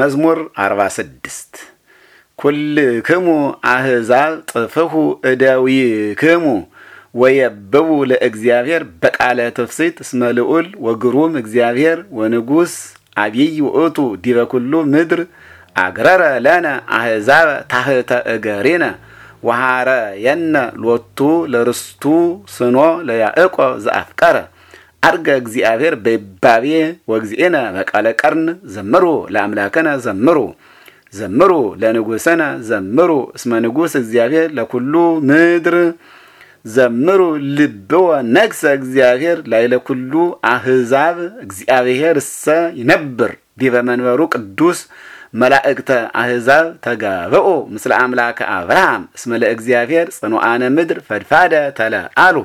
መዝሙር 46 ኩልክሙ አህዛብ ጥፍሁ እደዊክሙ ወየብቡ ለእግዚአብሔር በቃለ ትፍሲት እስመ ልዑል ወግሩም እግዚአብሔር ወንጉስ አብይ ውእቱ ዲበ ኩሉ ምድር አግረረ ለነ አህዛበ ታህተ እገሪነ ወሃረ የነ ሎቱ ለርስቱ ስኖ ለያዕቆብ ዘአፍቀረ አርገ እግዚአብሔር በባቤ ወእግዚእነ በቃለ ቀርን ዘምሩ ለአምላከነ ዘምሩ ዘምሩ ለንጉሰነ ዘምሩ እስመ ንጉስ እግዚአብሔር ለኩሉ ምድር ዘምሩ ልብወ ነግሰ እግዚአብሔር ላይለ ኩሉ አህዛብ እግዚአብሔር እሰ ይነብር ዲበ መንበሩ ቅዱስ መላእክተ አህዛብ ተጋብኡ ምስለ አምላከ አብርሃም እስመ ለእግዚአብሔር ጽኑዓነ ምድር ፈድፋደ ተለአሉ